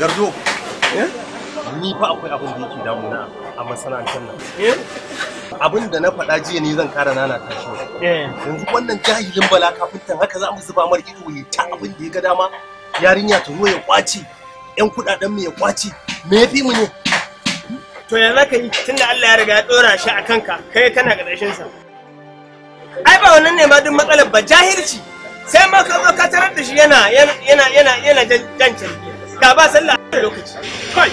gardo eh? ni fa akwai abin da yake damuna a masana'antar nan eh? abin da na faɗa jiya ne zan kara nana ta shi eh. yanzu wannan jahilin bala kafintan haka za mu zuba mar ido ya ta abin da ya ga dama yarinya ta zo ya kwaci yan kudaden mu ya kwaci me yafi mu ne to ya zaka yi tunda Allah ya riga ya dora shi a kanka kai kana ƙarshen sa ai ba wannan ne ma duk matsalar ba jahilci sai ma ka zo ka tarar da shi yana yana yana yana jan da ba sallah a lokaci kai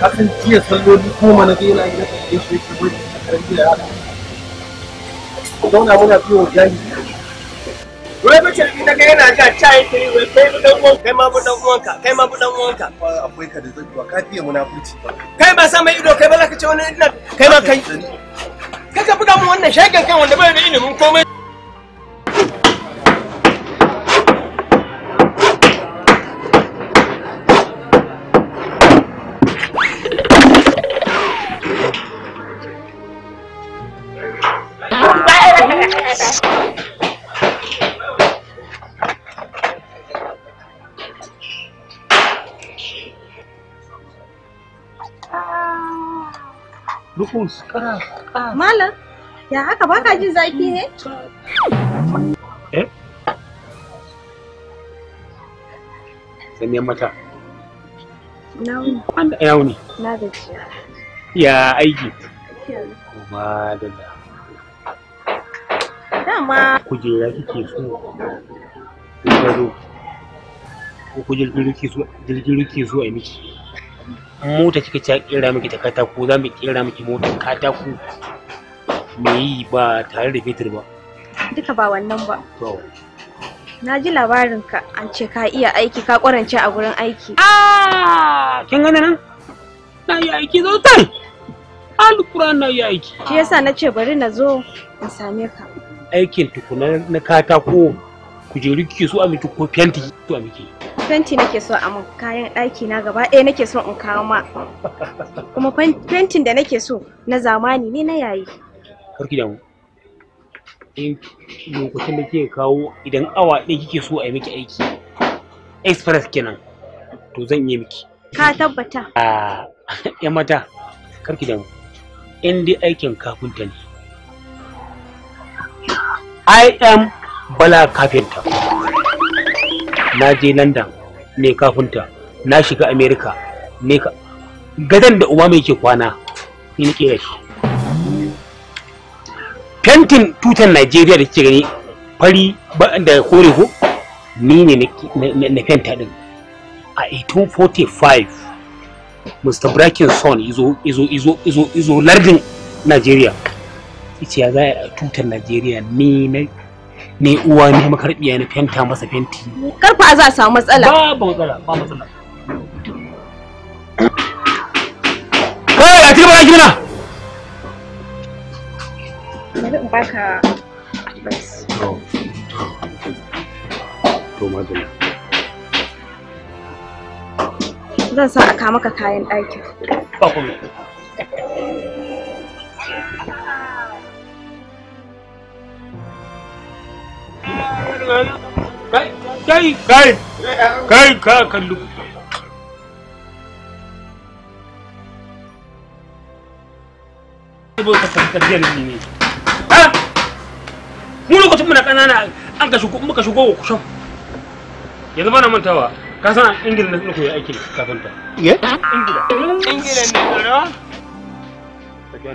ka san jiya salloli goma na gina gina kan yin shi yake wani karfi da yara zauna muna biyo wa jani wai mace ni daga yana ga cayin tiri wai kai mu dan uwanka kai ma mu dan uwanka kai ma bu dan uwanka akwai ka da zuwa ka fiye munafurci kai ba sa mai ido kai ba za ka ce wani ina kai ma kai kaka buga mu wannan shagen kan wanda bai da ilimin komai Rose, kara. Ah. Ah. Malam, ya haka ba ka jin zafi ne? Eh? Sanyan mata. Na Wanda ya wuni? Na gajiya. Ya aiki. Kuma da da. Dama. Kujera kike so. Ko jirgin ruke zuwa, jirgin ruke zuwa miki. mota kike ta kera miki ta katako za mu kera miki motar katako me yi ba tare da fitir ba duka ba wannan ba na ji labarin ka an ce ka iya aiki ka kwarance a gurin aiki ah! kin gane nan na yi aiki zo tan alquran na yi aiki shi yasa na ce bari na zo in same ka aikin tukuna na katako kujeru kike so a miki ko fenti to a miki fenti nake so a mun kayan ɗaki na gaba ɗaya nake so in kawo ma kuma fentin da nake so na zamani ne na yayi karki da mu in lokacin da kike kawo idan awa ɗaya kike so a yi miki aiki express kenan to zan yi miki ka tabbata a ya mata karki da mu in dai aikin kafinta ne i am bala kafinta na je london ne kafinta na shiga america ne ka gadan da mai ke kwana ni na da shi fentin tutan najeriya da ke gani fari da kore ko ni ne na fenta din a 1845 mr bracken son izo izo izo izo izo lardin najeriya ita ya za a tutar najeriya ni na ne uwa ne makarbiya na fenta masa fenti karfa za a samu matsala ba matsala ba matsala kai a cikin baki mana zan sa a maka kayan ɗakin ba kuma kai kai kai ka kallu zo ka tarbiyar ne ha mu lokacin muna kanana an ka shigo muka shigo yanzu bana mantawa ka san ingila ingila ingila ne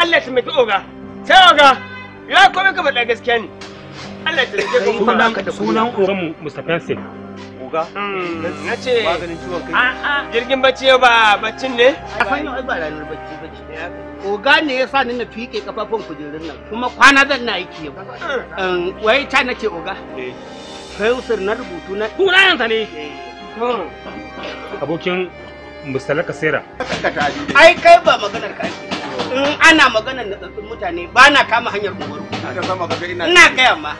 Allah shi mai oga sai oga ya kome ka faɗa gaskiya ne Allah sunan sunan uran Mustapha uga na ce maganin ciwon kai a a jirgin bacci ba baccin ne a fannin ba ranar bacci bacci oga ne ya ni na fike kafafun kujerun nan kuma kwana zan na aiki yau um, wai ta nake oga eh. sai usur na rubutu na ne eh. hmm. abokin mustalaka sera ai kai ba maganar ka in ana maganar da tsattsun mutane ba na kama hanyar umaru ina gaya ma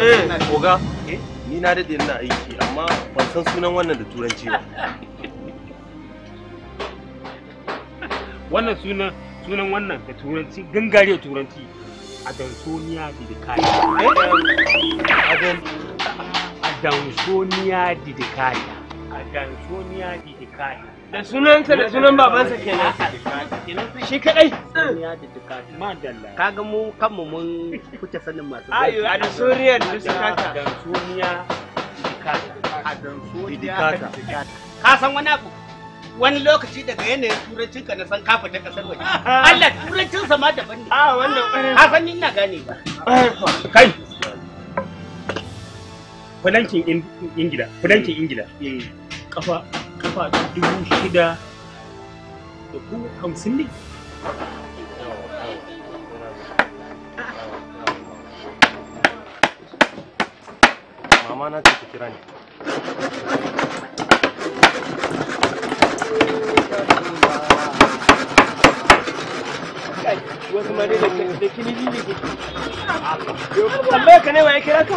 eh. oga eh? ni na daɗe ina aiki amma ban san sunan wannan da turanci ba wannan sunan sunan wannan da turanci gangare turanci adansoniya didikari eh? adansoniya didikari adansoniya didikari da sunansa da sunan babansa kenan shi kadai kaga mu kanmu mun kuce sanin masu ayo a da suriya da dukata da suniya a ka san wani abu wani lokaci daga yanayin turancin ka na san kafa ta kasar waje Allah turancin sa ma daban ne a wannan ka san ina gane ba kai kudankin ingila kudankin ingila kafa eh. kafa dubu shida da ku hamsin ne mama na ce kira wasu da ne ke. ne wa ya kira ka?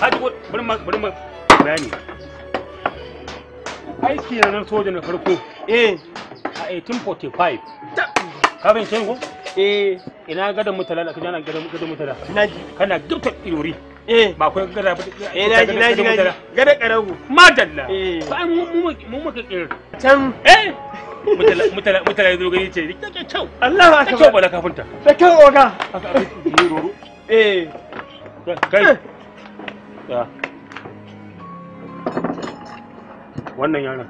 Haji bari ma bari ma bayani. Aiki na nan soja na farko. Eh. A 1845. Ka bin ko? Eh. Ina gadan mutala da kana gadan gadan mutala. Naji. Kana gifta ilori. Eh. Ba kai eh, gada Eh naji naji naji. Gada karago. Madalla. Eh. Ba mu mu mu mu kirin. Can. Eh. mutala mutala zo gani ce da kyau Allah ba ka kyau bala kafinta da kyau oga eh kai eh. wannan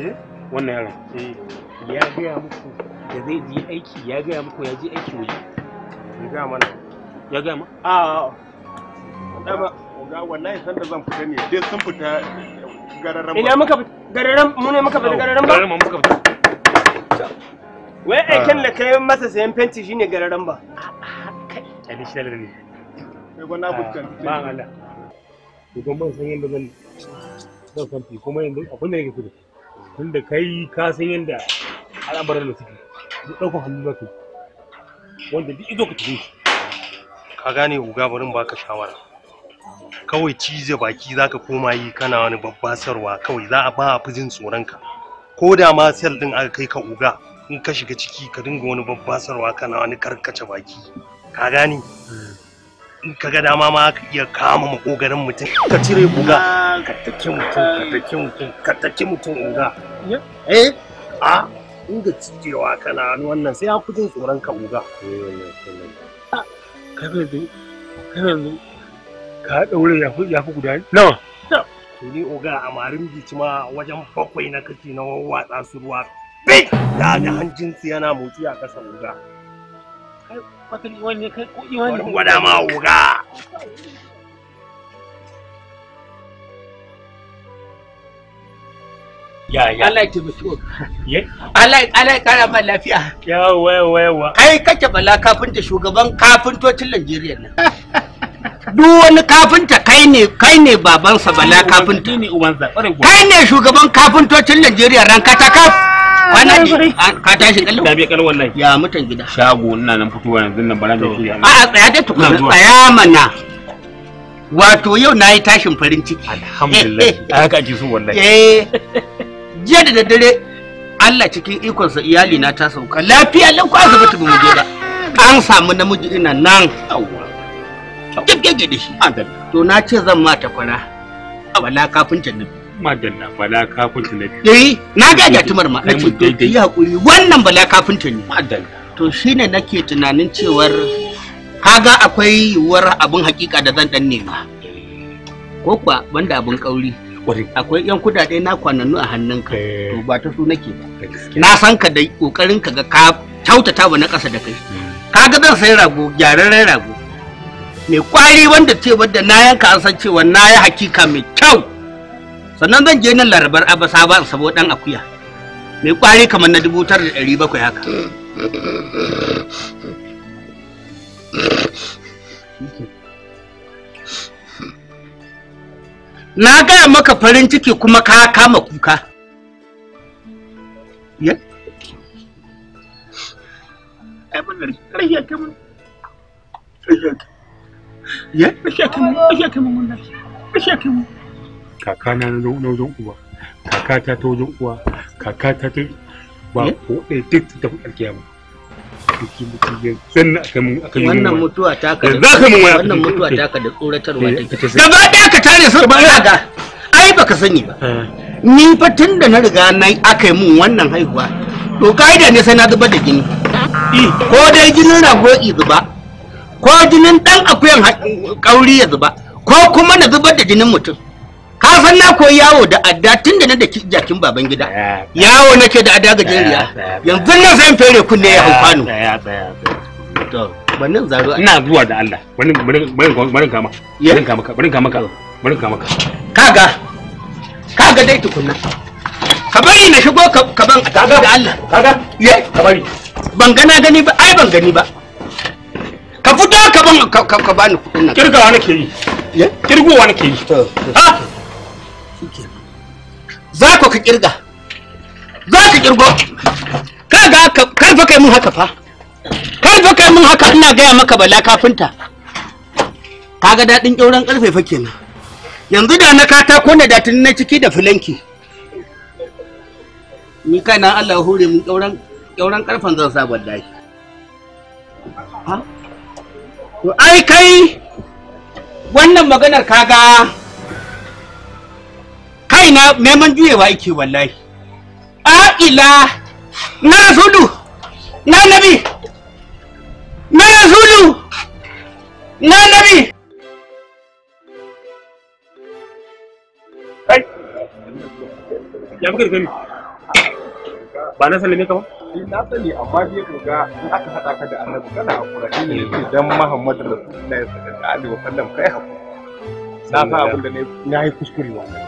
eh wannan eh ya gaya muku da zai je aiki ya gaya muku ya je aiki waje ya gaya mana ya gaya mana a ga wallahi da zan fita ne dai sun fita gararan ina muka gararan mu ne muka fita gararan ba gararan muka fita wai aikin ah. da kai masa sayan fenti shine gararan ba kai abin shalar ne ah, ba Allah to kuma ban san yadda zan zan san fi kuma yanzu abin da nake so tunda kai ka san yadda al'amuran da suke duk ɗaukar hannu za ka wanda duk izo ka tafi ka gane uga bari baka shawara kawai cize baki za ka koma yi kana wani babba sarwa kawai za a ba a fi jin ka ko da ma sel din aka kai ka uga in ka shiga ciki ka dinga wani babba sarwa kana wani karkace baki ka gane hmm. kaga dama ma ya iya kama makogarin mutum ka cire buga ka take mutum ka take mutum ka take mutum guga eh a inda cijewa kana wannan sai ya kujin tsoron ka uga kana zo kana zo ka daure ya fi guda nawa to ni oga a marin bici ma wajen bakwai na kashi na watsa su ruwa bi. da hancin su yana motsi a ƙasa uga Bakan iwan ne kai ko iwan Wada ma wuga. Ya ya. Allah ya kara ma lafiya. Yawa yawa yawa. Kai kake bala kafinta shugaban kafintocin Najeriya nan. duk wani kafinta kai ne kai ne babansa bala kafinta kai ne shugaban kafintocin Najeriya ranka ta kaf Wannan ka tashi kallo? Da bai kallon wallahi. Ya mutan gida. Shago ina nan fitowa yanzu nan bara mai shirya. A'a tsaya da tukuna tsaya mana. Wato yau na yi tashin farin ciki. Alhamdulillah. Eh, eh. haka ake so wallahi. Eh. Jiya da daddare Allah cikin ikon sa iyali na ta sauka lafiya lau ko zuba ba muje da? An samu namiji ina nan. Duk gege da To na ce zan ma takwara. Wala kafin jannabi. Na bala kafinta na biyu eh na ga ga tumar ma nace hakuri wannan bala kafinta ne madalla to shine nake tunanin cewar kaga akwai yiwuwar abin hakika da zan dan nema eh. ko kuwa banda abin kauri akwai yan kudade na kwanannu a hannunka eh. to ba ta su nake ba na san ka da kokarin ka ga ka kyautata ba na ƙasa da kai hmm. kaga zan sai rago gyararren rago mai kwari wanda ce wadda na yanka an san cewa na yi hakika mai kyau sannan zan je nan larabar abasa ba sabo dan akuya mai kwari kamar na dubu tara da ɗari bakwai haka na gaya maka farin ciki kuma ka kama kuka Yeah, yeah, yeah, yeah, kakana na wajen uwa kaka ta wajen uwa kaka ta ba eh? ko ɗaya duk ta tafi alkiyama wannan mutuwa ta ka wannan mutuwa ta ka da tsoratarwa take eh. gaba ɗaya ka tare su ba ga ai baka sani ba eh. ni fa tun da na riga na akai mun wannan haihuwa to ka'ida ne sai na zuba da jini ko dai jinin rago i zuba ko jinin dan akuyan kauri ya zuba ko kuma na zubar da jinin mutum ka san na koyi yawo da adda tun da na da jakin baban gida yawo nake da adda gajeriya yanzu na zan fere kunne ya hankwano to bannin zaro ina zuwa da Allah barin barin barin kama barin kama ka barin kama ka barin kama ka kaga kaga dai tukunna ka bari na shigo ka ban a kaga da Allah kaga ye ka bari ban gana gani ba ai ban gani ba ka fito ka ban ka bani kudin nan kirgawa nake yi kirgowa nake yi ah za ku ka kirga za ka kirgo kaga karfa kai mun haka fa karfa kai mun haka ina gaya maka bala kafinta kaga daɗin ƙyauren ƙarfe fa kenan yanzu da na katako na datin na ciki da filanki ni kaina Allah hore mun ƙyauren ƙyauren karfan zan sa wallahi to ai kai wannan maganar kaga kai na neman juyewa yake wallahi a'ila na rasulu na nabi na rasulu na nabi kai ya muka gani ba na sallame ka ba eh, na sani amma dai ku ga in aka hada ka da annabi kana hakura shi ne yake dan muhammadu rasulullahi sallallahu alaihi wasallam kai hakuri na fa abin da na yi kuskure wannan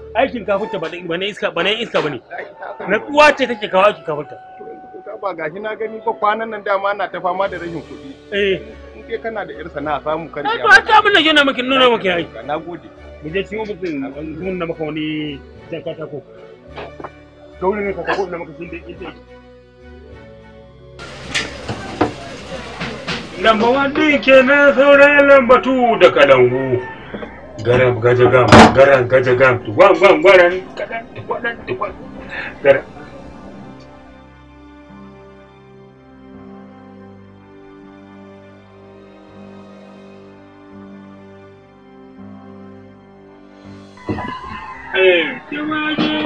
aikin kafinta ba ne iska ba ne iska bane na uwa ce take kawo aikin kafinta ba gashi na gani ba kwanan nan dama na ta fama da rashin kuɗi eh in kai kana da yar sana'a samu kar ya ba ta abin da yana miki nuna miki ai na gode mu je cikin mutum mun na maka wani ta ko dole ne ka kako da maka sun da ita Lamba ɗin ke na saurayin lambatu da kalangu. garam gajah gam garam gajah gam tu wang wang waran kadan wadan tu garam Hey, come on,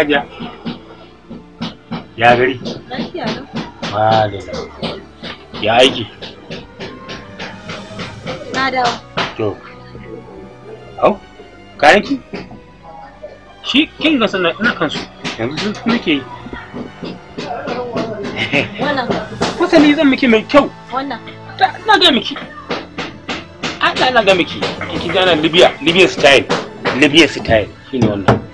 aja. ya gari ya aiki na dawo to au ka aiki? shi kin ga sanar ina kansu yanzu su nake yi wannan zan miki mai kyau wannan na ga miki ana na ga miki kiki gana libya libya style libya style shi ne wannan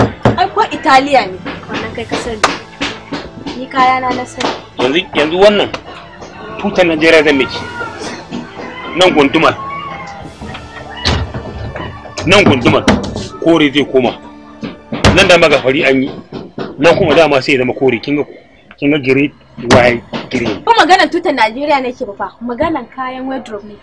taliya ne wannan kai kasar ne ni kaya na na sani yanzu yanzu wannan tutar najeriya zan miki nan gunduma nan gunduma kore zai koma nan da maga fari an yi nan kuma dama sai ya zama kore kinga kinga gire waye gire ko magana tutar najeriya nake ba fa magana kayan wardrobe ne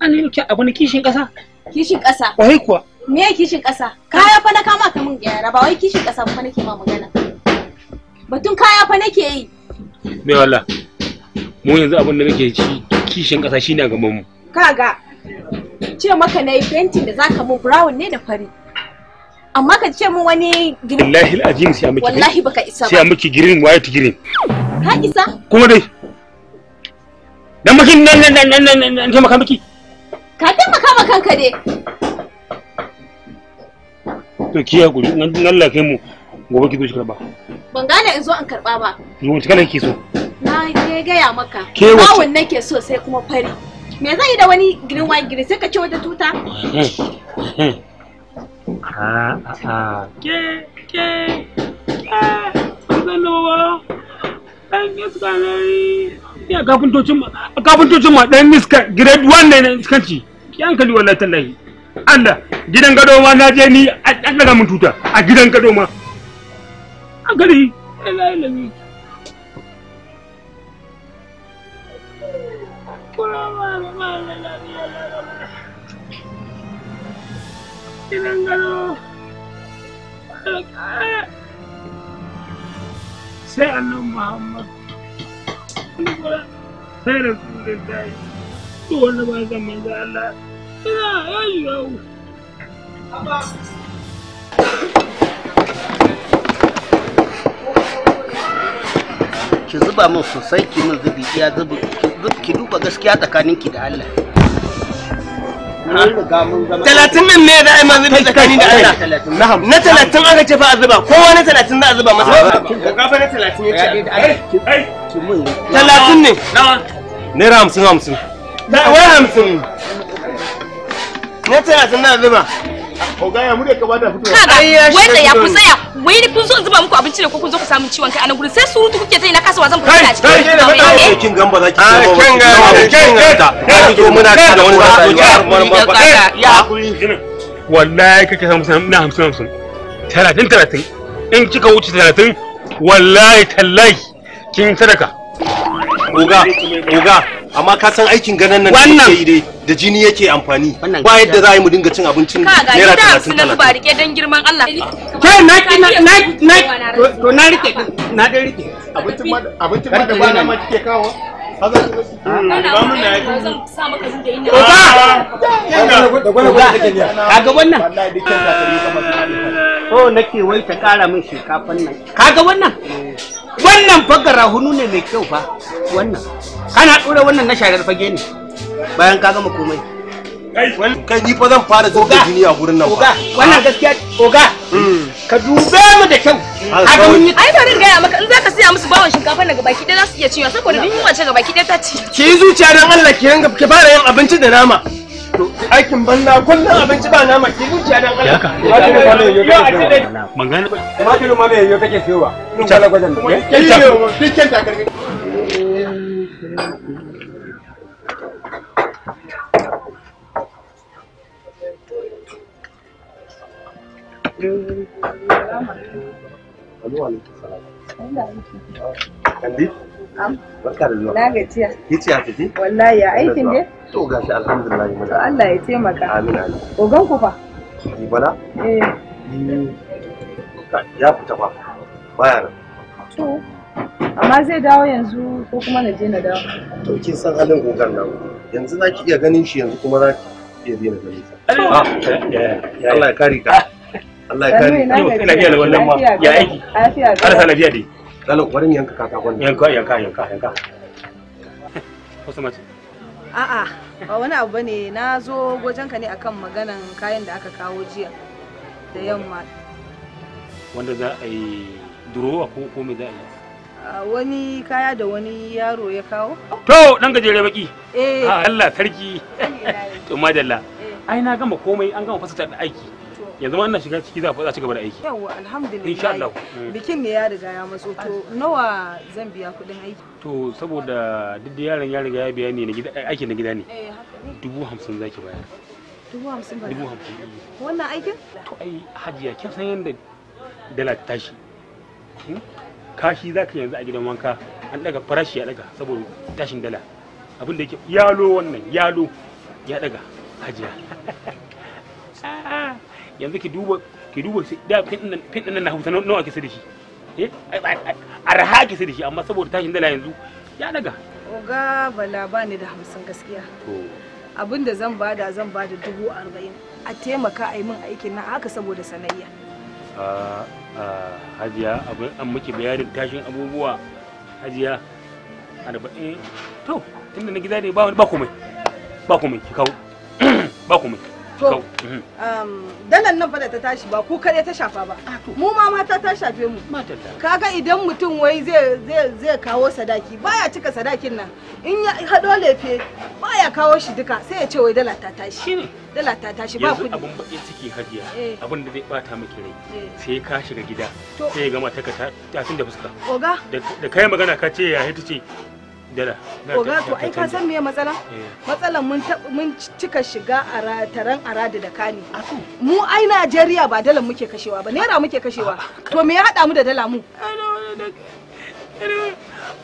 an yi abin kishin kasa kishin kasa wai kuwa me ya kishin ƙasa kaya fa na kama ka mun gyara ba wai kishin ƙasa fa nake ma magana batun kaya fa nake yi me wallah mu yanzu abin da muke ci kishin ƙasa shine a gaban mu kaga ce maka nayi painting da zaka mun brown ne da fari amma ka ce mun wani green wallahi alazim sai miki wallahi baka isa ba sai miki green white green ka isa kuma dai dan makin nan nan nan nan nan taimaka miki ka taimaka ma kanka dai to ki hakuri nan mu gobe ki zo ki karba ban gane in zo an karba ba ki kana ki so na ke gaya maka bawon nake so sai kuma fari me zai yi da wani green wine green sai ka ce wata tuta a a ke ke ya kafintocin ma kafintocin ma dan niska grade 1 ne na iskanci ki hankali wallahi tallahi Allah gidan gado ma na je ni a daga mun tuta a gidan gado ma a gari lalami gidan gado sai annan muhammad sai da su da dai to wanda ba zan da Allah ina yayi yau ki zuba min sosai ki min zubi iya zubi ki duba gaskiya tsakanin ki da Allah talatin min ne za a yi ma zubi tsakani da Allah na talatin aka ce fa a zuba kowa na talatin za a zuba masa gafa na talatin ya ce talatin ne naira hamsin hamsin wai hamsin na talatin na zuba Oga ya mure fito. Kaga wanda ya kusa ya wai ni kun zo zuba muku abinci ne ko kun zo ku samu ciwon kai a nan gurin sai surutu kuke ta ina kasawa zan fita a cikin. Kai kai ne eh, eh. kin gamba zaki zo ba. Kin gamba kin gamba. zo muna da wani zaki ya ya kuri. Wallahi kake samu na in kika wuce talatin, wallahi tallahi kin sadaka. Oga oga amma ka san aikin ganan nan da yake dai da jini yake amfani ba yadda za a yi mu dinga cin abincin naira talatin talatin ba rike dan girman Allah ke na ki na na na to na rike na dai rike abincin ma abincin ma da ba na ma kike kawo kaga ah. wannan ko ah. oh, nake wai ta kara min shinkafan nan kaga wannan eh. wannan fagara hunu ne mai kyau fa wannan kana dora wannan na sharar fage ne bayan ka gama komai kai ni fa zan fara zo da duniya gurin nan fa wannan ah. gaskiya oga hmm. ka dube mu da kyau a mun yi ai bari gaya maka in zaka siya musu bawon shinkafa na gabaki dai za su iya cinyewa saboda duk yunwa ce gabaki dai ta ci ki zuciya dan Allah ki ranga ki fara yin abinci da nama aikin banna kullum abinci ba nama zuciya Allah ma mai yoyo ma mai yoyo kake siyowa in kala gwajan da ke Kandi? Barka da zuwa. Na gajiya. Ki a fiti? Wallahi ya aikin dai. to gashi alhamdulillah muna Allah ya taimaka amin amin ogan ku fa ni bala eh ya fita fa baya nan to amma zai dawo yanzu ko kuma na je na dawo to kin san halin ogan nan yanzu za ki iya ganin shi yanzu kuma za ki iya daina ganin sa ah, eh, eh, eh. Allah ya kare ka Allah ya kare ka ina iya wannan ma ya aiki lafiya Allah lafiya dai Lalo, warin yanka katakon. Yanka, yanka, yanka, yanka. Kusa mace. a'a ba wani abu bane na zo ka ne akan maganan kayan da aka kawo jiya da yamma wanda za a yi durowa ko ko za a yi wani kaya da wani yaro ya kawo to dan gajere baki eh ah, Allah sarki to madalla eh. ai na gama komai an gama fasata da aiki yanzu zama ina shiga ciki za a ci gaba da aiki yawa alhamdulillah insha Allah mm. bikin ne ya riga ya matso to nawa zan biya kudin aiki to saboda duk yaran yaron ya riga ya biya ne na gida aiki na gida ne eh, dubu hamsin zaki bayar dubu hamsin dubu hamsin eh. wannan aikin to ai hajiya kin san yadda dala ta tashi hmm? kashi zaka yanzu a gidan wanka an daga farashi ya daga saboda tashin dala abin da yake yalo wannan yalo ya daga hajiya yanzu ki duba ki duba da fin din na Hausa nawa ki da shi eh arha ki da shi amma saboda tashin dala yanzu ya daga oga bala ba ni da hamsin gaskiya abin da zan bada zan bada dubu arba'in a taimaka a yi min aikin na haka saboda sanayya hajiya abin an muke bayanin tashin abubuwa hajiya arba'in to tunda na gida ne ba komai ba komai ki kawo ba komai To, mm-hmm. um, dalar nan fa da ta tashi ba ko kaɗai ta shafa ba. Ah, mu ma mata ta shafe mu. Kaga idan mutum wai zai kawo sadaki baya cika sadakin nan. In ya haɗo lefe baya kawo shi duka sai ya ce wai dalar ta tashi. Dala ta tashi ba kuɗi. Yanzu abin baƙin ciki hajiya eh. abin da zai ɓata miki rai eh. sai ka shiga gida sai ya gama ta ka tafin da fuska. Oga. Da kai magana ka ce ya ta ce Oga to ai ka san meye matsala? Eh. Matsalan mun mun cika shiga a taron arada da kani. Mu ai Najeriya ba dalar muke kashewa ba, naira muke kashewa. Ah, ah, to me ya hada mu da dala mu? Ah,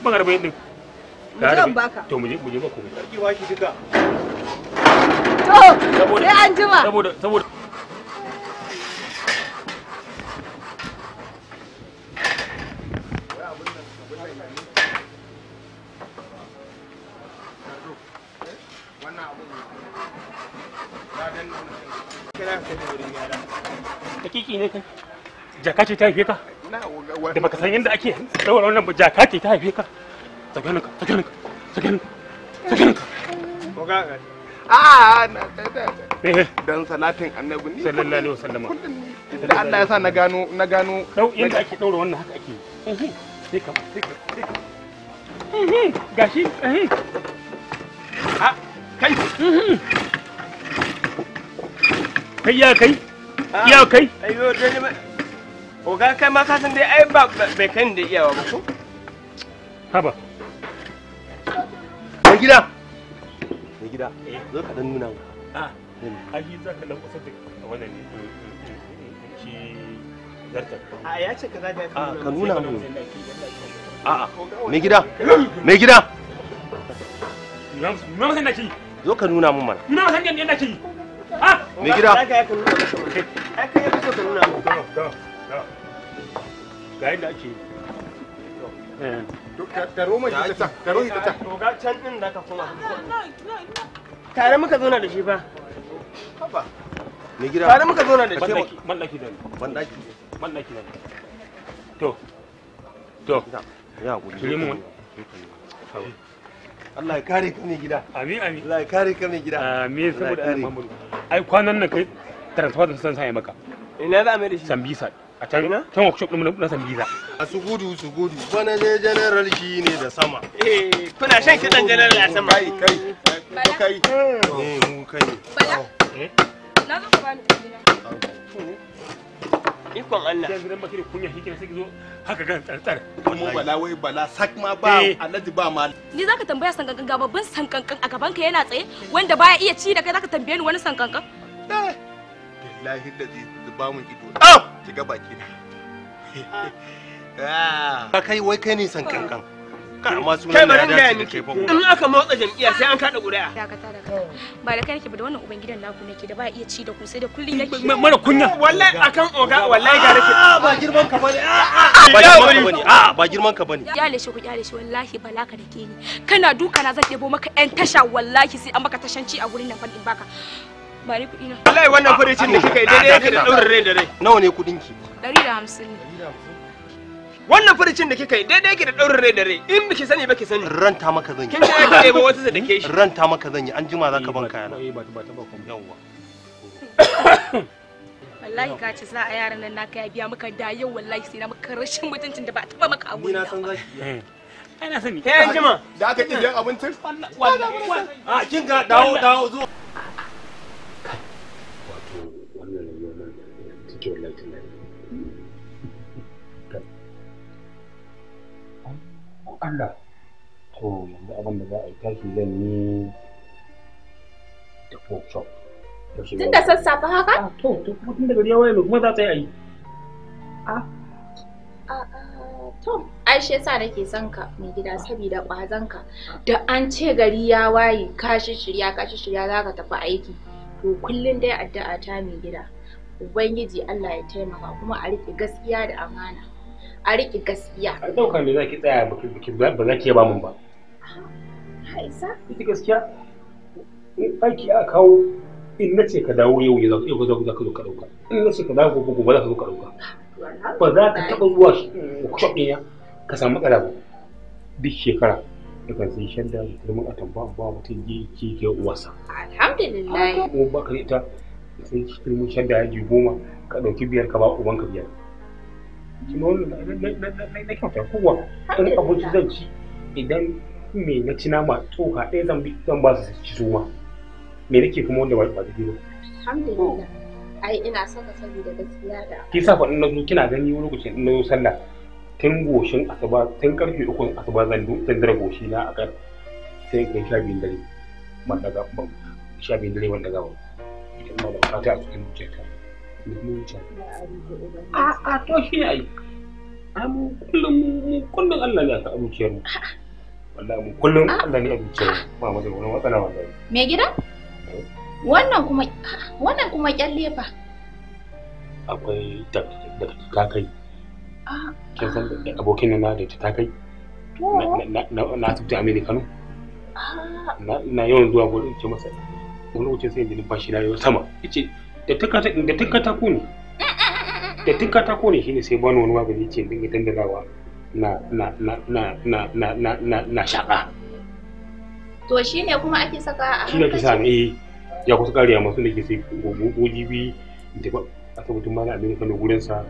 Ban arba'in din. Mujan baka. To mu je mu je ba ku. Ki waki duka. To sai an jima. Saboda saboda kai ka da ka a ah, ah, ah, eh. dan da ake daura wannan haka ake eh, eh. sai ka sai ka gashi kai kai ya kai ya kai ayo ah, dai ba ga kai ma ka san dai ai ba bai kan da iyawa ba ko haba mai gida mai gida zo ka dan nuna a ah, ai za ka dan kusa da wannan ne eh, eh, eh, shi zartar a ya ce ka za ka ah, nuna mu a a mai gida mai gida Zo ka nuna mun mana. Nuna masa yadda yadda ke yi. mai gida tare muka zauna da shi gida tare muka zauna da shi mallaki da mallaki mallaki da to to ya Allah ya kare ka mai gida amin amin Allah ya kare ka mai gida amin saboda Allah Muhammadu ai kwanan nan kai transfer da san sai maka ina za mai da shi sambisa a can can workshop din na sambisa a su gudu su gudu bana ne general shi ne da sama eh kuna shan kidan general a sama kai kai kai eh mu kai bala eh. na zo ka bani kuɗi ikon Allah yanzu dan kunya shi kenan sai ki zo haka gan tsartsar mu bala a ka yana tsaye wanda baya iya ci da kai zaka tambaye ni da zai eh. zuba mun ido ki ga baki na ka ah. kai wai kai ne sankankan kai amma sunan na dace da kai in aka motsa jam'iyya sai an kada ƙuri'a dakata dakata ba da kai nake ba da wannan ubangidan naku nake da ba iya ci da ku sai da kullun nake mara kunya wallahi akan oga wallahi ga nake ah, ba girman ka bane ah, ah, ba girman ka bane a ba girman ka bane ya leshe ku ya leshe wallahi balaka da ke ni kana duka na zan debo maka ɗan tasha wallahi sai an maka tashanci a gurin nan ban in baka ba kuɗi na wallahi wannan faricin da kika yi daidai yake da daurin rai da rai nawa ne kudin ki 150 ne wannan farcin da kika yi daidai yake da daurin rai da rai in ba ki sani ba ki sani ranta maka zan yi kin ga yake ɗebo wata da dake shi ranta maka zan yi an jima zaka ban kayana eh ba ba ta ba kuma yawa wallahi ka ci sa a yaran nan naka ya biya maka da yau wallahi sai na maka rashin mutuncin da ba taba maka abu ni na san zaki eh. ai na sani kai an jima da aka kin jan abincin wallahi a kin ga dawo dawo zuwa Allah to yanzu abin da za a yi tashi zan yi da pork chop tun da sassafe haka ah, to to kuma tun da gari ya waye kuma za ta yi a yi ah. Ah, to ai shi yasa nake son ka mai gida saboda ƙwazon ka da an ce gari ya waye ka shi shirya ka shi shirya za ka tafi aiki to kullum dai addu'a ta mai gida ubangiji Allah ya taimaka kuma a riƙe gaskiya da amana a riƙe gaskiya a ɗauka me za ki tsaya ba za ki yaba mun ba haisa ah, ita gaskiya aiki a kawo in na ce ka dawo yau ya zaka yau za ka zo ka ɗauka in na ce ka dawo gobe gobe za ka zo ka ɗauka ba za ka taɓa zuwa shi workshop ɗin ya ka samu matsala ba duk shekara daga sai shadda da turmin atamba ba mutum ji ki ke uwarsa alhamdulillah Ko ba ka ita sai turmin shadda ya ji goma ka ɗauki biyar ka ba uban ka biyar kimono na kyautar kowa in abinci ci idan me na ci nama zan ba su ci ma me nake kuma wanda ba alhamdulillah ina gaskiya da ki sa faɗin na kina gani wani lokacin in nazo sallah tun goshin asuba tun karfe uku asuba zan zan dira goshi na akan sai kai sha biyun dare daga ban sha dare ba idan ma ba ta a cikin zuciyarka a a to shi ne ai mu kullum mu kullum Allah ne aka abuciyar mu wallahi mu kullum Allah ne abuciyar mu ba mu da wani matsala wallahi me gida wannan kuma wannan kuma kyalle fa akwai da ta kai kin san abokin na da ta kai na asibiti amini kano na yawan zuwa gurin ce masa wani wuce sai jini bashi na yau sama ice da tun ta ne da tun katako ne shine sai bani wani magani ce dinga na na na na na na na na na shaka to shine kuma ake saka a shine ake saka eh, ya kusa kariya masu da ba abin gurin sa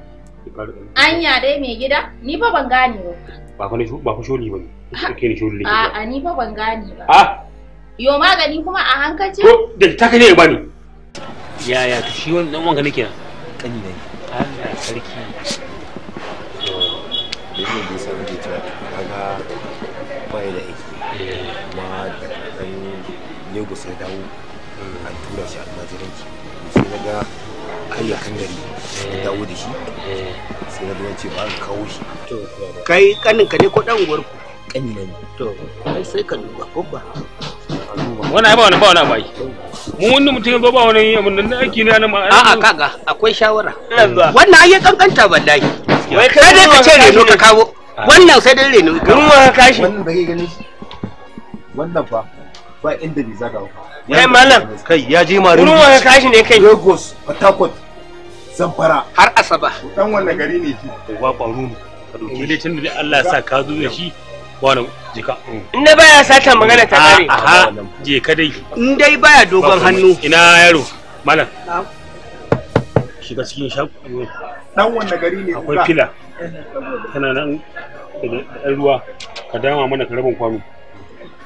anya dai mai gida ni fa ban gane ba ba fa ba kake ni sholi a a ni fa ban gane ba a ah! yo magani kuma a hankaci to da ta kai ne bani yaya ta shi wani dan wanka nake kani ne Allah sarki da yake da sabon da ta kaga bai da aiki kuma dan Lagos ya dawo a tura shi almajiranci sai na ga ayyakan gari da dawo da shi sai na ga ba an kawo shi kai kanin ka ne ko dan uwar ku kani ne to sai ka duba ko ba wani ai ba wani ba wani bai mun wani mutum zo ba wani abin nan aiki ne na a'a kaga akwai shawara wannan ai ya kankanta wallahi sai dai ka ce ne reno ka kawo wannan sai dai reno ka mun ma kashi wannan bai gani wannan fa ba inda za ka kawo kai malam kai ya je marin mun ma kashi ne kai Lagos patakot Zamfara har Asaba dan wannan gari ne ki ba kwaro ne ka dauke eh. da tunda Allah ya sa ka zo da shi wani jika in na baya sata magana ta kare aha je ka dai in dai baya dogon hannu ina yaro malam shiga cikin dan wanda gari ne akwai fila tana nan da ruwa ka dama mana ka kwano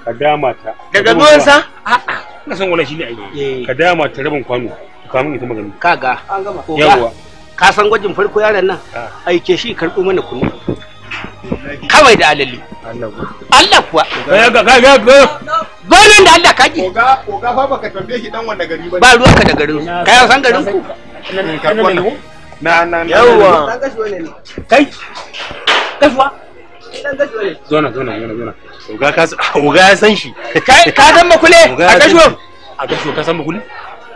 ka dama ta daga ruwan sa a'a san shi ne ai eh. ka dama ta rabin kwano ka mun ita magana kaga an gama yawa ka san gwajin farko yaran nan ah. aike shi karɓo mana kunu kawai da alalli Allah kuwa ga da Allah kaji oga oga fa baka tambaye shi dan wanda gari ba ba ruwanka da garin kai san garin ku na na na yawa kai kasuwa zona zona zona zona oga ka oga ya san shi kai ka san makule a kashuwa a kashuwa ka san makule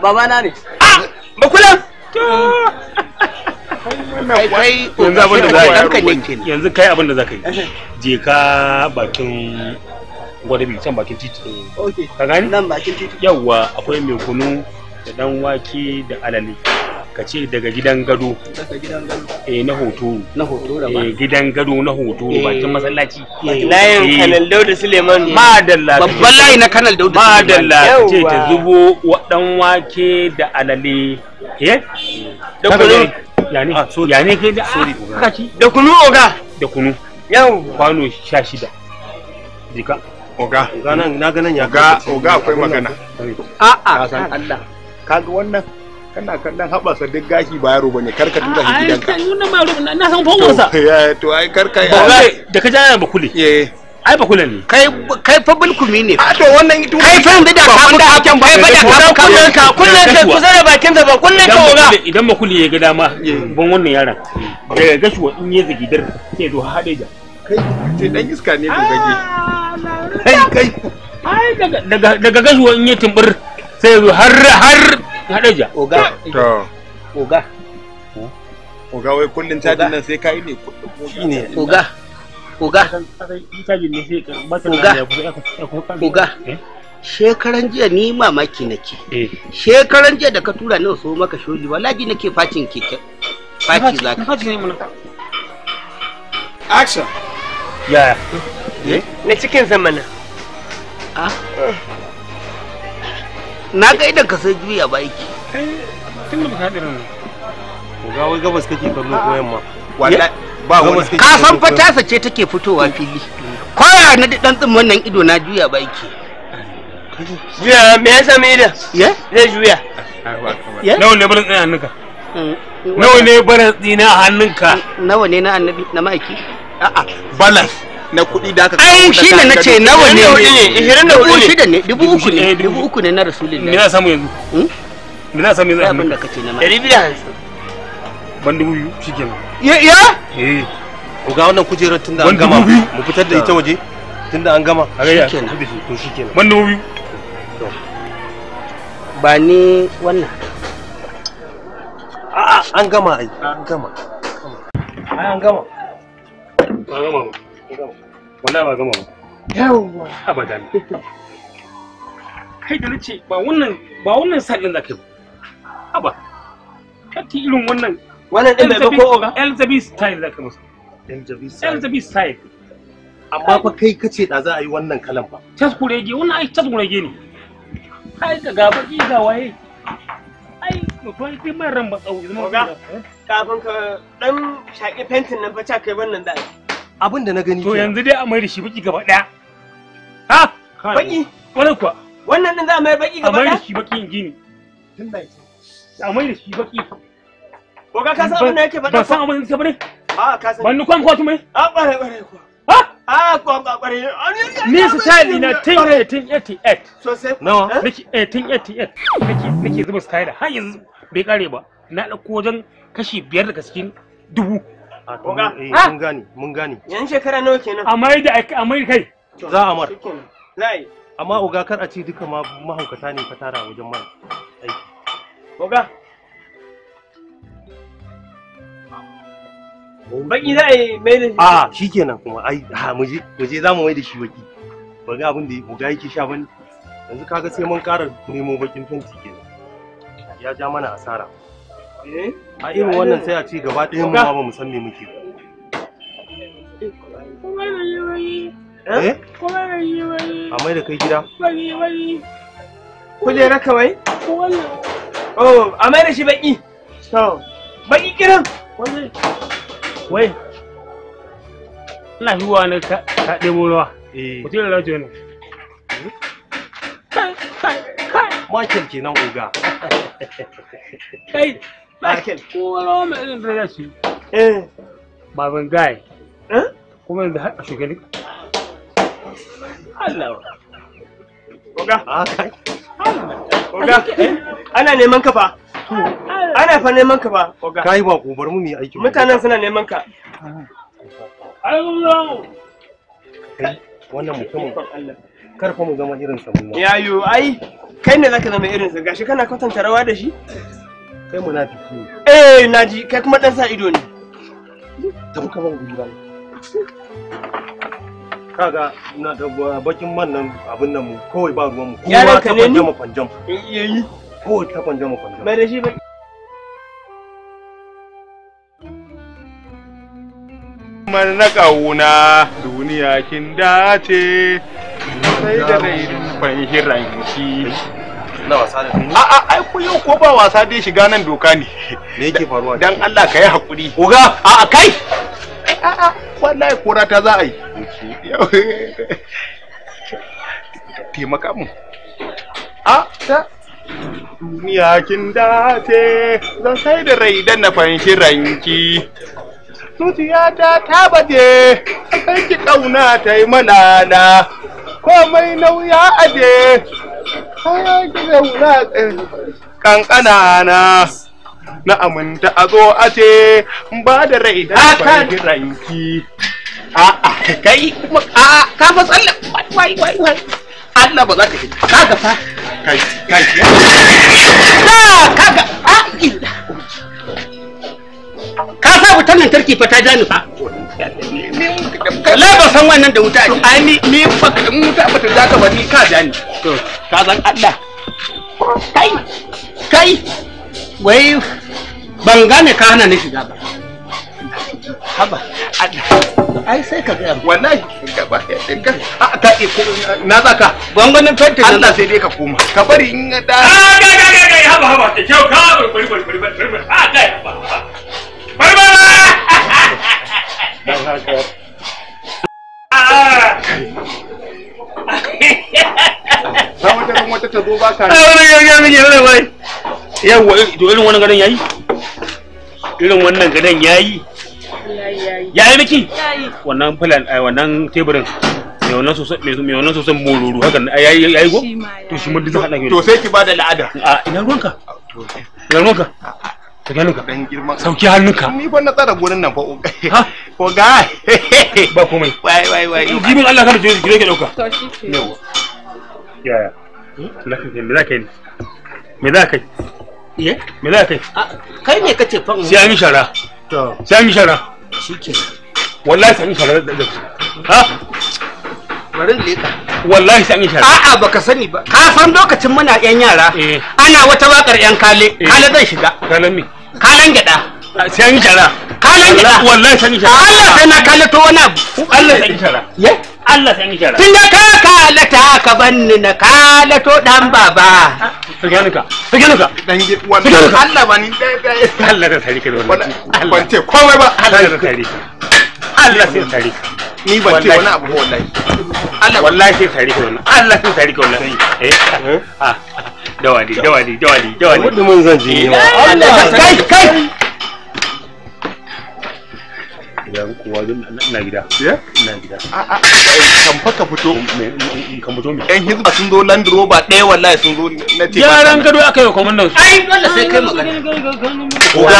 baba na ne ah makule yanzu kai abin da za ka yi je ka bakin gwadabi can bakin titi ka gani nan bakin titi yawa akwai mai kunu da dan wake da alale ka ce daga gidan gado eh na hoto na hoto da ba eh, gidan gado na hoto eh. bakin masallaci layin eh. kanal dauda suleiman madalla babban layi na kanal dauda madalla ce ta zubo dan wake da alale eh da kunu ya ne ah, ya da kai da ah, da kunu oga da kunu yau kwano sha shida jika oga ganan na ganan ya ga oga akwai magana a a Allah kaga wannan kana kallon haɓasa duk gashi ba yaro bane karka tura shi ah, gidanka ai kan nuna ma na san fawon sa to ai karka ya da ka ja ba kule eh ai ba kula ne kai kai fa bulkumi ne a to wannan ita kai fa yanzu da kafin da hakan ba kai fa da kafin ka kullun ka kusa da bakin da ba kullun ka oga idan ba kuli ya ga dama eh. ban wannan yaran ga gashuwa in ya dar sai do haɗe da kai ce dan iska ne gogage kai ah, kai ai daga daga gashuwa in ya timbur sai zo har har haɗe da oga to oga oga wai kullun ta dinnan sai kai ne oga koga koga eh? shekaran jiya ni mamaki nake eh. shekaran jiya da ka tura ni so maka shoji wallahi nake facin keke faci za ka faci ne mun action ya ya eh? ne cikin zamanin ah na ga idan ka sai juya ba yake tun da ka hadirin ne ga wai gabas kake kallo ko ah. yamma wallahi ba wani ka san fa tasa ce take fitowa fili koya na dan tsimman nan ido na juya ba yake juya me ya sami da ya zai juya nawa ne barin tsina hannunka mm. nawa ne barin tsina hannunka mm, nawa ne na annabi na ma'aiki a'a balas na kuɗi da aka ai shi ne na ce nawa ne ishirin da hudu ne dubu uku ne eh, dubu uku ne na rasulullahi me na samu yanzu mm? me na samu yanzu abin da kace na ma'aiki ɗari ban dubu biyu shikenan ya ya eh ga wannan kujerar tunda an gama mu fitar da ita waje tunda an gama shikenan to shikenan ban dubu biyu ba ni wannan a'a an gama ai an gama ai an gama ba gama ba wallahi ba gama ba yawwa abadan kai da nace ba wannan ba wannan sa'in da kai ba aba kati irin wannan wannan din bai ba ko LZB style zaka musu LZB style LZB style amma fa kai kace da za a yi wannan kalan ba tas kurege wannan ai tas kurege ne kai ka ga baki ga waye ai mutum sai mai ran ba batsau zama ga eh? kafin ka dan shaƙi fentin nan fa kai wannan da abin da na gani to yanzu dai a mai da shi baki gaba daya ha baki wannan kuwa wannan din za a mai baki gaba daya a mai da shi baki gini tun da a mai da shi baki Oga ka san yake faɗa ba san abin da A ka san. Ban A bare ba bare. Ni style na 1888. zuba style har yanzu bai ba. Na dauko wajen kashi biyar daga cikin dubu. Mun eh, mun gane. Yan shekara nawa kenan? da kai. Za a mar. Amma kar a ce duka mahaukata ne ka wajen mara aiki. Oga. baki za a yi mai da shi a shikenan kuma ai ha mu je mu je zamu mai da shi baki ba ga abin da mu ga yake sha bane yanzu kaga sai mun ƙara nemo bakin fenti kenan ya ja mana asara eh a irin wannan sai a ce gaba ɗaya. mu ba mu san me muke eh? Eh? A mai da kai gida? Bari bari. Kulera kawai? Oh, a mai da shi baki. baki kiran. wai ina zuwa ne ka ɗebo ruwa eh. ku mutum da rajo ne makil kenan oga kai makil kowa rawa mai irin da rasu eh babin gai eh? kuma yanzu har a shugani Allah Ah, eh? ana neman ka fa. Ana fa neman ka fa. Kai ba ku bar mu mu aiki. Mutanen suna neman ka. Wannan mutumin kar fa mu zama irin sa mun. Yayo ai kai ne zaka zama irin sa gashi kana kwatanta rawa da shi? Kai munafiki ne. Eh naji kai kuma dan sa ido ne. Tafi ka ban guri ba. kaga na da bakin man nan abin nan mu kawai ba ruwan mu ta kwanje mu kwanjam yayi eh, eh, eh. kowa ta kwanje mu da shi man na kauna duniya kin dace sai da dai ban hiran shi na wasa da a a ai ku yau ko ba wasa dai shiga nan doka ne me yake faruwa dan Allah ka yi hakuri oga a a kai a a wallahi kora ta za a yi taimaka ta duniya kin dace zan sai da rai dan na fanshi ranki zuciyata ta baje sai ki kauna ta yi malala komai nauya ade. kaya ki zauna kankana na na aminta a zo ace ba da rai dan fanshi ranki a'a kai kuma a ka fa tsalle wai wai wai Allah ba za ka fita kaga fa kai kai kaga a ka sa wutar lantarki fa ta ja ni fa la ba san wannan da wuta a ai ni ni ba ka wuta ba ta ja ka ba ni ka ja ni to ka san Allah kai kai wai ban gane ka hana ni shiga ba haba Allah ai sai ka tsaya wallahi gaba ka ka ke ko na zaka gwangwanin fenti Allah sai dai ka koma ka bari in da ah, ga ga ga ga haba haba ke kyau ka bari bari bari bari bari a kai haba bari bari dan haka Ba wata kuma wata ta zo ba ka. Ah wani gaga min y'a wai. Yawwa eh, irin wannan garin yayi? Irin wannan garin yayi? yayi miki wannan filan eh, wannan teburin mai wannan sosan mai wannan sosan mururu haka eh, yayi yayi go to shi mun duka hada to sai ki bada la'ada a ina ruwanka ina ruwanka ta ga ka dan girman sauki hannunka ni ban na tsara gurin nan fa oh, ha ko oh, ga ba komai wai wai wai jibin Allah kada je ki dauka to shi ne ke yaya me za ka yi me za kai yi me za kai yi kai ne kace fa sai an shara to sai an shara wallahi sai an shara da ku ha bari leka wallahi sai an shara a'a baka sani ba ka san lokacin muna yan yara eh. ana wata wakar yan kale eh. kale zai shiga kalan mi kalan sai shara kalan gida wallahi sai shara Allah sai na kalato wani abu Allah sai shara ye Allah sai shara tun da ka kalata ka banni na kalato dan baba siganuka siganuka dan gida wallahi Allah bani Allah da tarika da wannan ban ce komai ba Allah da tarika Allah sai tarika ni ban ce wani abu wallahi Allah wallahi sai tarika wannan Allah sai tarika wannan eh ah, ah, ah dawadi dawadi dawadi dawadi wanda mun zan ji eh, kai kai gidan kowa don kan fa ka fito kan fito me yan hizba sun zo land rover ɗaya wallahi sun zo na yaran gado aka yi su kai magana uga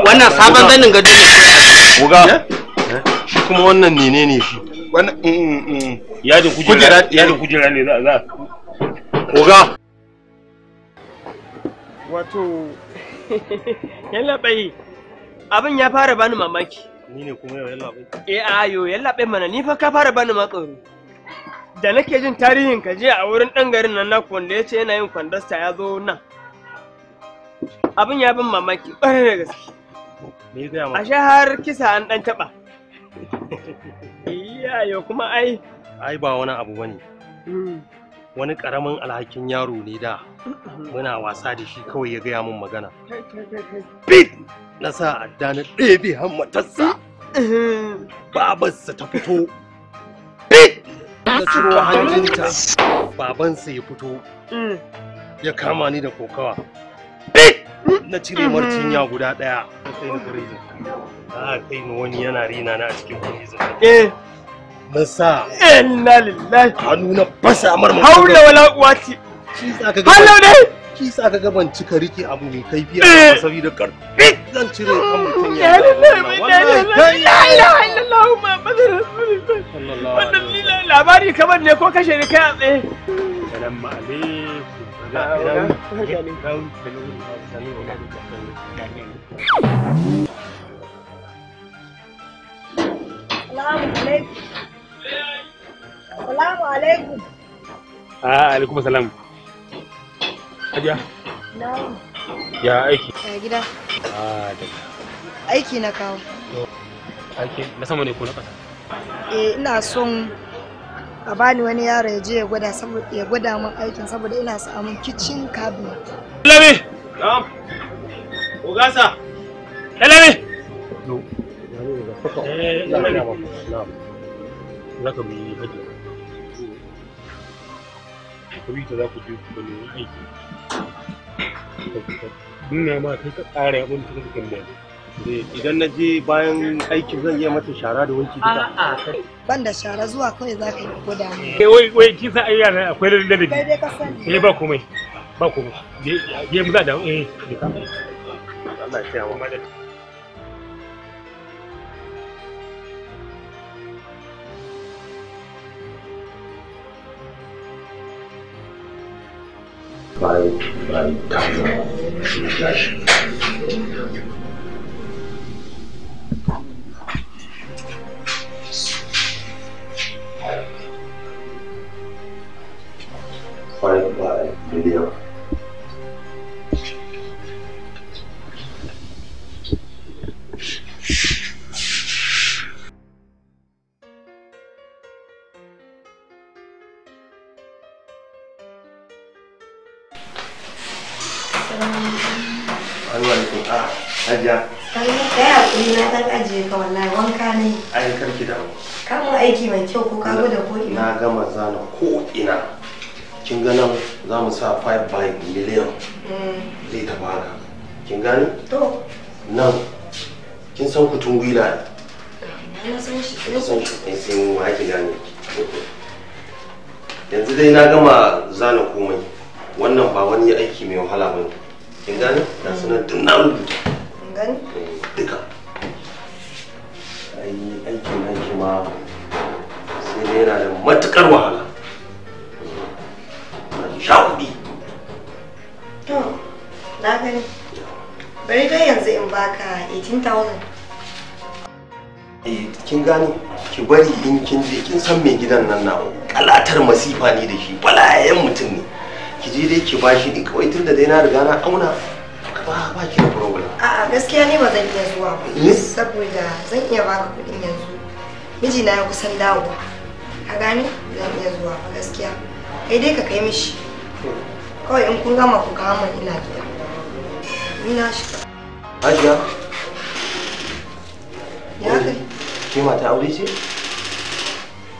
wannan gado ne uga eh? shi kuma wannan nene ne shi mm, mm, mm. Eh. yadin kujera ne za za uga wato yalla bai abin ya fara bani mamaki ni ne kuma yau yallaɓe eh ayo yallaɓe mana ni fa ka fara bani matsaro da nake jin tarihin ka jiya a wurin ɗan garin nan naku wanda ya ce yana yin kwandasta ya zo nan abin ya bin mamaki ƙwarai da gaske a sha har kisa an ɗan taɓa iya yau kuma ai ai ba wani abu bane hmm. wani karamin alhakin yaro ne da muna wasa da shi kawai ya gaya mun magana bit na sa adda na ɗebe hammatarsa mm-hmm. babarsa ta fito na ciro hanjinta babansa ya fito mm. ya kama ni da kokawa bit na cire mm-hmm. marcinya guda ɗaya na kai ni wani yana rina na a cikin eh na sa inna lillahi hannu na fasa amar mu haula wala quwati shi sa ka ga hallo dai shi sa ka ga ban cika rike abu mai kaifi a eh. da karfi eh. zan cire amurkan ya wannan labari kamar ne ko kashe ni kai a tsaye salamu alaikum Salamu alaikum. Ah, alaikum salam. Hajiya. Na'am. Ya aiki. Ya gida. Ah, da. Aiki na kawo. Aiki na sama ne ko na kasa? Eh, ina son a bani wani yaro ya je ya gwada saboda ya gwada min aikin saboda ina samun kitchen cabinet. Lami. Na'am. Ogasa. Lami. No. Eh, za ka bi hajjar kuri da za ku je ku ne aiki nuna ma abin da da idan na je bayan aiki zan iya mata shara da wanki duka ban da shara zuwa kawai za ka yi ko ne eh, wai wai kin san ayyana akwai da ladabi dai ka sani eh, ba komai ba komai je mu za da eh, Allah ya tsaya by by Tarzan. dai na gama zana komai wannan ba wani aiki mai wahala ba ne in gane da sanar duk na rubuta gani eh, duka ai na naki ma sai dai yana da matukar wahala sha kuɗi to na gani bari dai yanzu in baka 18,000 Eh, kin gane ki bari in kin je kin san mai gidan nan nawo kalatar masifa ne da shi balayen mutum ne ki je dai ki bashi ni kawai tunda dai na riga na auna ba ba ki da problem a'a gaskiya ne ba zan iya zuwa ba saboda zan iya baka kudin yanzu na ya kusan dawo ka gane zan iya zuwa ba gaskiya kai dai ka kai mishi kawai in kun gama ku kama ina gida ina shi Hajiya, Ya kai? Ke mata aure ce?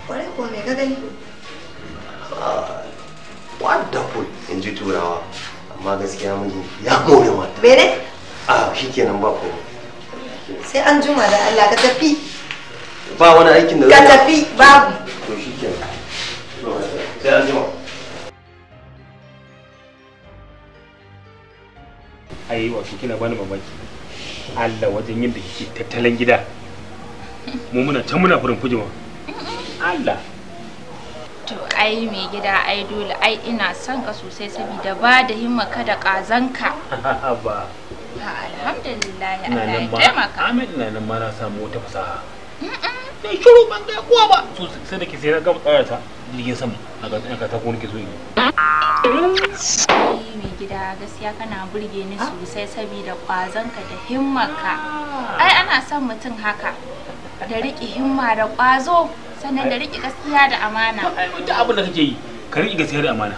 Kwarai kuwa mai ka gani? Wonderful in ji turawa. Amma gaskiya miji ya more mata. Bere? A ah, shi kenan ba komai. Sai an juma da Allah ka tafi. Ba wani aikin da zai. Ka tafi babu. To shi kenan. Sai an juma. Ai, wato kina bani mamaki. Allah wajen da kike tattalin gida mu muna can muna furin fujewa Allah to ai mai gida ai dole ai ina son ka sosai saboda ba da himma ka da kazanka ba alhamdulillah Allah ya taimaka amin ina nan ma na samu wata fasaha ne shiru ban ga kowa ba so sai da ke sai na ga tsaya ta jirgin sama a ga ta ko nake so yi mai gida gaskiya kana burge ni sosai saboda ƙazanka da himmarka ai ana son mutum haka da riƙe himma da ƙwazo sannan da riƙe gaskiya da amana duk abin da kake yi ka riƙe gaskiya da amana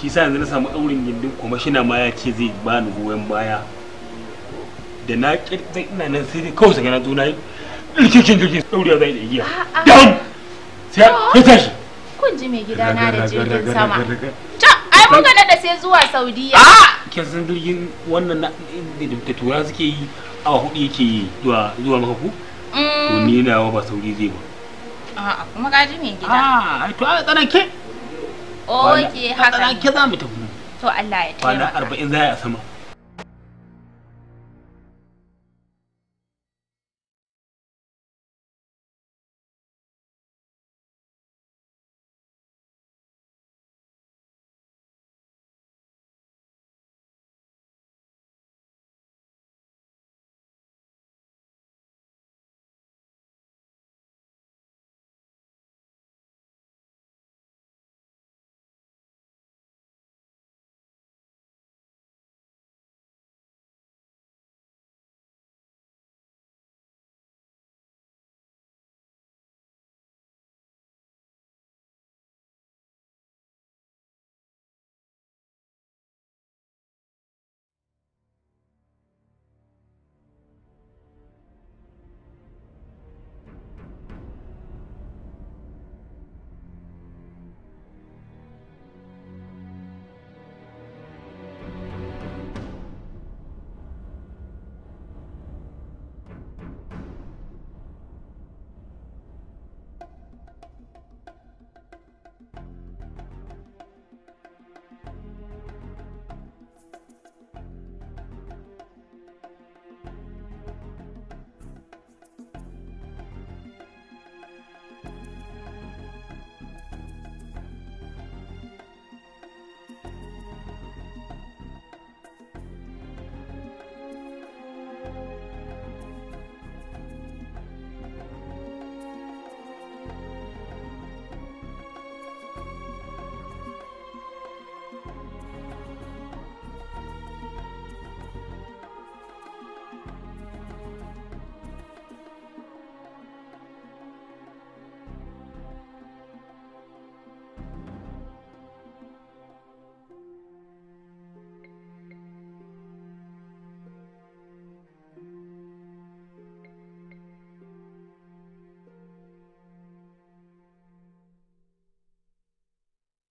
shi sa yanzu na samu ɗaurin gindin kwamashina ma ya ce zai ba ni goyon baya da na ƙirƙir ina nan sai dai kawai sanya na zo na yi ɗirkikin jirgin ɗaurewa zai da igiya dam sai ya tashi kun ji mai na da jirgin sama can ai muka da sai zuwa saudiya kin san jirgin wannan da tura suke yi awa hudu yake zuwa maka ku ni nawa ba sauri zai ba a'a kuma kaji mai gida a to a tsanake oke haka tsanake za mu tafi to Allah ya taimaka kwana 40 za a sama